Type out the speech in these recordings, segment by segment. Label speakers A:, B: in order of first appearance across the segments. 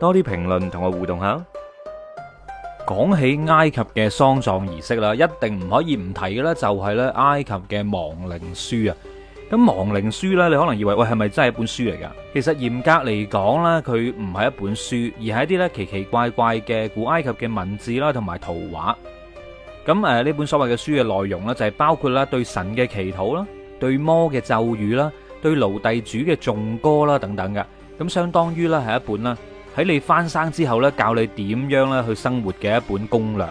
A: 多啲評論同我互動下。講起埃及嘅喪葬儀式啦，一定唔可以唔提嘅咧，就係咧埃及嘅亡靈書啊。咁亡靈書呢，你可能以為喂係咪真係一本書嚟噶？其實嚴格嚟講呢，佢唔係一本書，而係一啲咧奇奇怪怪嘅古埃及嘅文字啦，同埋圖畫。咁誒，呢本所謂嘅書嘅內容呢，就係包括啦對神嘅祈禱啦，對魔嘅咒語啦，對奴隸主嘅頌歌啦等等嘅。咁相當於咧係一本啦。喺你翻生之後咧，教你點樣咧去生活嘅一本攻略，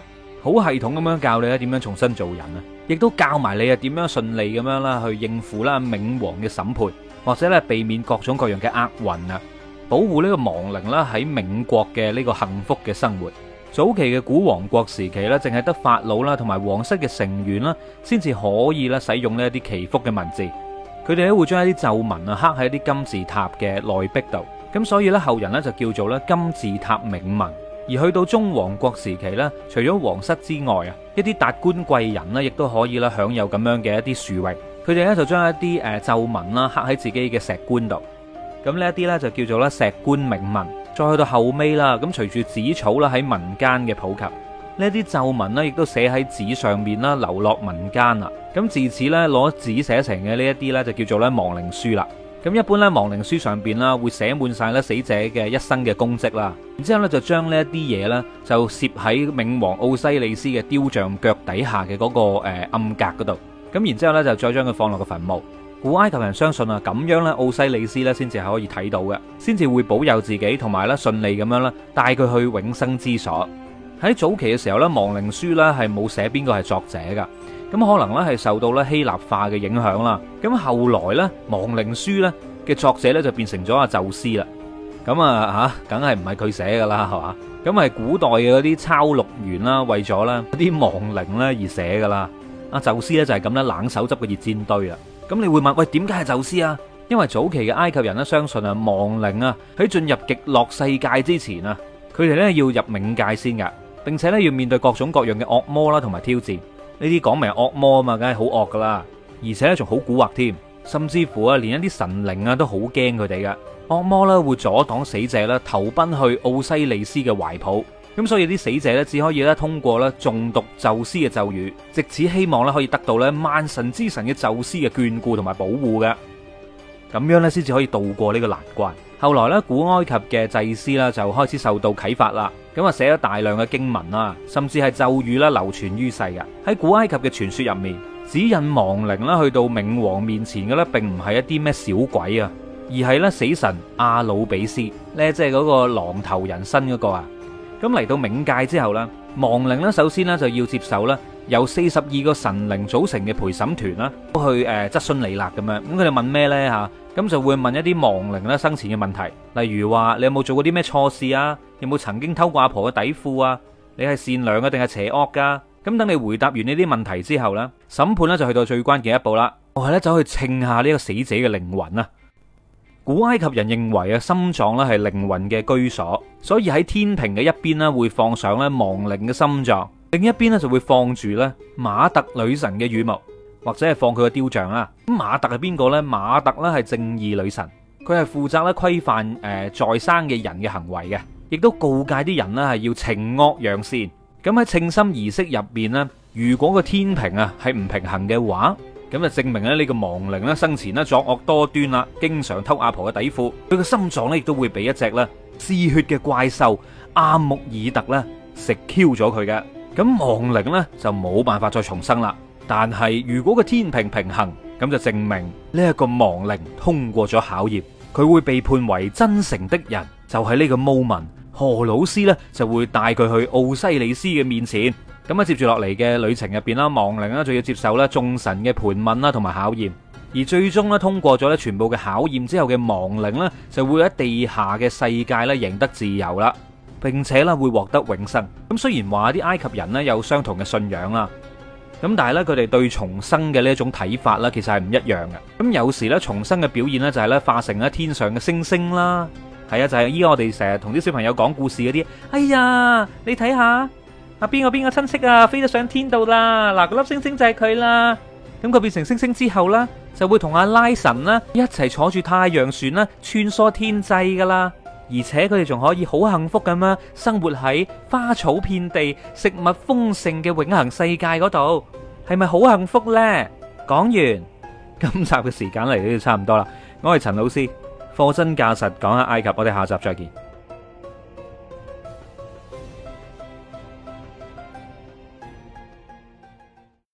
A: 好系統咁樣教你咧點樣重新做人啊，亦都教埋你啊點樣順利咁樣啦去應付啦冥王嘅審判，或者咧避免各種各樣嘅厄運啊，保護呢個亡靈啦喺冥國嘅呢個幸福嘅生活。早期嘅古王國時期咧，淨係得法老啦同埋王室嘅成員啦，先至可以啦使用呢一啲祈福嘅文字，佢哋咧會將一啲咒文啊刻喺啲金字塔嘅內壁度。咁所以咧，後人咧就叫做咧金字塔銘文。而去到中王國時期咧，除咗皇室之外啊，一啲達官貴人呢亦都可以咧享有咁樣嘅一啲殊榮。佢哋咧就將一啲誒咒文啦刻喺自己嘅石棺度。咁呢一啲咧就叫做咧石棺銘文。再去到後尾啦，咁隨住紙草啦喺民間嘅普及，呢一啲咒文呢亦都寫喺紙上面啦，流落民間啦。咁自此咧攞紙寫成嘅呢一啲咧就叫做咧亡靈書啦。咁一般咧，亡靈書上邊啦，會寫滿晒咧死者嘅一生嘅功績啦。然之後咧，就將呢一啲嘢咧，就攝喺冥王奧西里斯嘅雕像腳底下嘅嗰、嗰個誒、呃、暗格嗰度。咁然之後咧，就再將佢放落個墳墓。古埃及人相信啊，咁樣咧，奧西里斯咧，先至係可以睇到嘅，先至會保佑自己，同埋咧順利咁樣咧，帶佢去永生之所。喺早期嘅時候咧，亡靈書咧係冇寫邊個係作者噶。咁可能咧係受到咧希臘化嘅影響啦。咁後來咧亡靈書咧嘅作者咧就變成咗阿宙斯啦。咁啊吓，梗係唔係佢寫噶啦係嘛？咁係古代嘅嗰啲抄錄員啦，為咗咧啲亡靈咧而寫噶啦。阿宙斯咧就係咁啦，冷手執個熱煎堆啦。咁你會問喂，點解係宙斯啊？因為早期嘅埃及人咧相信啊亡靈啊喺進入極樂世界之前啊，佢哋咧要入冥界先噶，並且咧要面對各種各樣嘅惡魔啦同埋挑戰。呢啲講明惡魔啊嘛，梗係好惡噶啦，而且咧仲好蠱惑添，甚至乎啊連一啲神靈啊都好驚佢哋噶，惡魔咧會阻擋死者咧投奔去奧西利斯嘅懷抱，咁所以啲死者咧只可以咧通過咧中毒宙斯嘅咒語，借此希望咧可以得到咧萬神之神嘅宙斯嘅眷顧同埋保護嘅。咁樣咧，先至可以渡過呢個難關。後來咧，古埃及嘅祭司啦，就開始受到啟發啦。咁啊，寫咗大量嘅經文啦，甚至係咒語啦，流傳於世嘅。喺古埃及嘅傳說入面，指引亡靈啦去到冥王面前嘅咧，並唔係一啲咩小鬼啊，而係咧死神阿努比斯咧，即係嗰個狼頭人身嗰個啊。咁嚟到冥界之後呢，亡靈呢，首先呢，就要接受咧。由四十二個神靈組成嘅陪審團啦，都去誒質詢你啦咁樣，咁佢哋問咩咧吓？咁就會問一啲亡靈咧生前嘅問題，例如話你有冇做過啲咩錯事啊？有冇曾經偷過阿婆嘅底褲啊？你係善良嘅定係邪惡噶？咁等你回答完呢啲問題之後咧，審判咧就去到最關鍵一步啦，我係走去稱下呢個死者嘅靈魂啦。古埃及人認為啊，心臟咧係靈魂嘅居所，所以喺天平嘅一邊咧會放上咧亡靈嘅心臟。另一邊咧就會放住咧馬特女神嘅羽毛，或者係放佢個雕像啦。咁馬特係邊個呢？馬特咧係正義女神，佢係負責咧規範誒在生嘅人嘅行為嘅，亦都告誡啲人啦係要懲惡揚善。咁喺稱心儀式入面，咧，如果個天平啊係唔平衡嘅話，咁就證明咧呢個亡靈咧生前咧作惡多端啦，經常偷阿婆嘅底褲，佢個心臟咧亦都會俾一隻咧嗜血嘅怪獸阿穆爾特咧食 Q 咗佢嘅。咁亡靈呢，就冇辦法再重生啦。但係如果個天平平衡，咁就證明呢一個亡靈通過咗考驗，佢會被判為真誠的人，就係呢個 moment，何老師呢，就會帶佢去奧西里斯嘅面前。咁啊，接住落嚟嘅旅程入邊啦，亡靈呢，就要接受咧眾神嘅盤問啦，同埋考驗。而最終呢，通過咗呢全部嘅考驗之後嘅亡靈呢，就會喺地下嘅世界咧贏得自由啦。並且咧會獲得永生。咁雖然話啲埃及人咧有相同嘅信仰啦，咁但係咧佢哋對重生嘅呢一種睇法啦，其實係唔一樣嘅。咁有時咧重生嘅表現咧就係咧化成咧天上嘅星星啦，係啊，就係依家我哋成日同啲小朋友講故事嗰啲。哎呀，你睇下阿邊個邊個親戚啊，飛咗上天度啦，嗱個粒星星就係佢啦。咁佢變成星星之後啦，就會同阿拉神啦一齊坐住太陽船啦，穿梭天際噶啦。而且佢哋仲可以好幸福咁樣生活喺花草遍地、食物豐盛嘅永恒世界嗰度，係咪好幸福咧？講完，今集嘅時間嚟到就差唔多啦。我係陳老師，貨真價實，講下埃及。我哋下集再見。